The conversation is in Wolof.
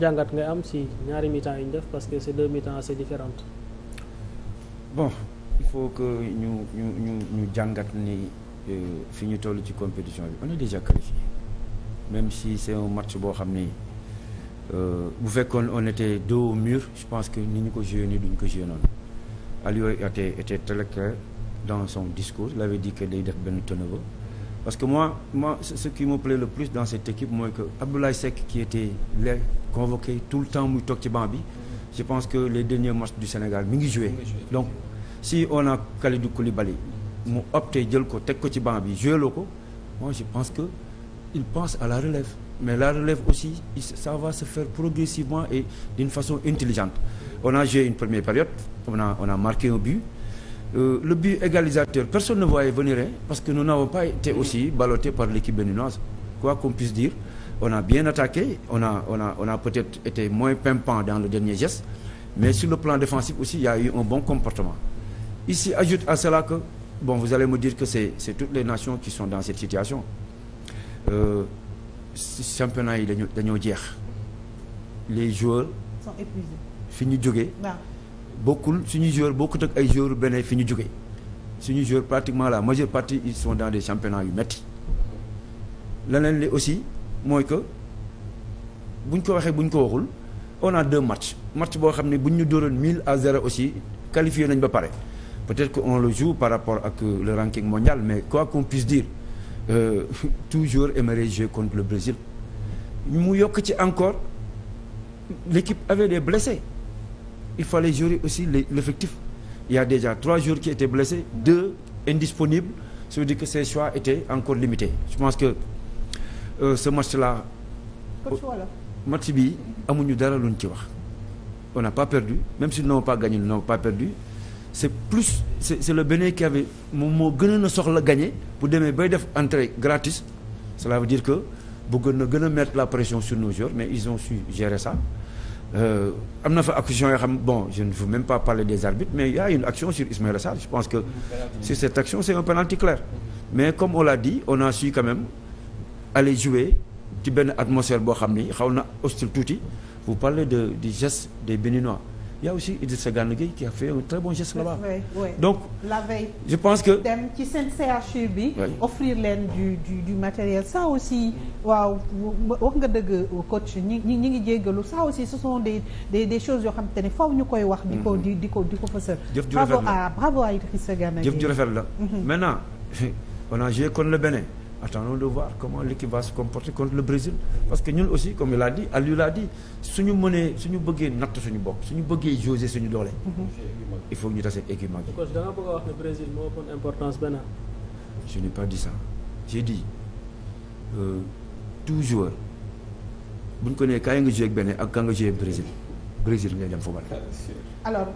jàngat nga am si ñaari mi-temps yi ñu def parce que ces deux mi-temps assez différentes. bon il faut que ñu ñu ñu ñu jàngat ni euh, fi ñu toll ci compétition bi on est déjà qualifié même si c'est un match boo xam ni euh, bu fekkoon on était dos au mur je pense que ni ñu ko joué nii duñ ko joué noonu Aliou était était très clair dans son discours il avait dit que day def benn turnover parce que moi moi ce qui me plaît le plus dans cette équipe mooy que Abdoulaye se qui était convoqué tout le temps muy toog ci banc bi je pense que les derniers matchs du Sénégal mi ngi joué donc si on a Kalidou Koulibaly mu opté jël ko teg ko ci banc bi joué loo ko je pense que il pense à la relève mais la relève aussi ça va se faire progressivement et d'une façon intelligente on a joué une première période on a a marqué un but euh, le but égalisateur personne ne voyait venir hein, parce que nous n'avons pas été aussi ballottés par l'équipe béninoise on a bien attaqué on a on a on a peut-être été moins pimpant dans le dernier geste mais sur le plan défensif aussi i y a eu un bon comportement ici ajoute à cela que bon vous allez me dire que c'est toutes les nations qui sont dans cette situation euh, championnat yi dañoo dañoo jeex les joueurs sont épuisés fi ñu jógee bokkul suñu joueur bokkut ak ay joueurs beneen fi ñu jógee suñu joueur pratiquement la majeure partie ils sont dans des championnats yu metti leneen aussi mooy que buñ ko waxee bu ñu ko waxul on a deux matchs match boo xam ne buñ ñu dóoroon mille à 0 aussi qualifié nañ ba pare peut-être que on le jour par rapport ak le ranking mondial mais quoi qu'on puisse dire euh, toujours aimerait jouer contre le Brésil mu yokk ci encore l'équipe avait des blessés il fallait gérer aussi l'effectif il y a déjà trois joueurs qui étaient blessés deux indisponibles ça veut dire que ces choix étaient encore limités je pense que Euh, ce match là. match bi amuñu dara luñ ci wax. on n'a pas perdu même si n'ont pas gagné n'ont pas perdu c'est plus c'est c'est le qui avait moom moo gënoon na soxla gagné bu demee bay def entrée gratis cela veut dire que bëggoon na gën a mettre la pression sur nos joueurs mais ils ont su gérer ça. Euh, am na fa action yoo xam bon je ne veux même pas parler des arbitres mais il y une action sur Ismaïla Sarr je pense que sur cette action c'est un penalty clair mais aller jouer ci benn atmosphère boo xam ni xaw na hostile tuuti vous parlez de du geste des Béninois il y a aussi Idrissa Gana Gueye qui a fait un très bon geste là-bas. donc la veille. je pense que dem ci seen CHU bi. offrir leen du du du matériel. ça aussi waaw wax nga dëgg coach ñi ñi ngi jéggalu ça aussi ce son des des des choses yoo xam te ne faw ñu koy wax. di ko mhm. di di ko di ko fësal. jëf ju rafet la bravo à bravo à Idrissa Gana Gueye. jëf ju rafet la. Mhm. maintenant on a joué contre le Bénin. attendons de voir comment l'équipe va se comporter contre le Brésil parce que ñun aussi comme il a dit Aliou l'a dit suñu mënee suñu bëggee natt suñu bopp suñu bëggee jauger suñu doole. Mhm. il faut ñu tase équipe mag yi. coach da nga bëgg a wax ne Brésil moo ëppoon importance benn. je n'ai pas dit ça j'ai dit euh, tout joueur bu ñu ko nee kaay nga joué ak ak kaa nga joué Brésil Brésil ngay dem fubal. alors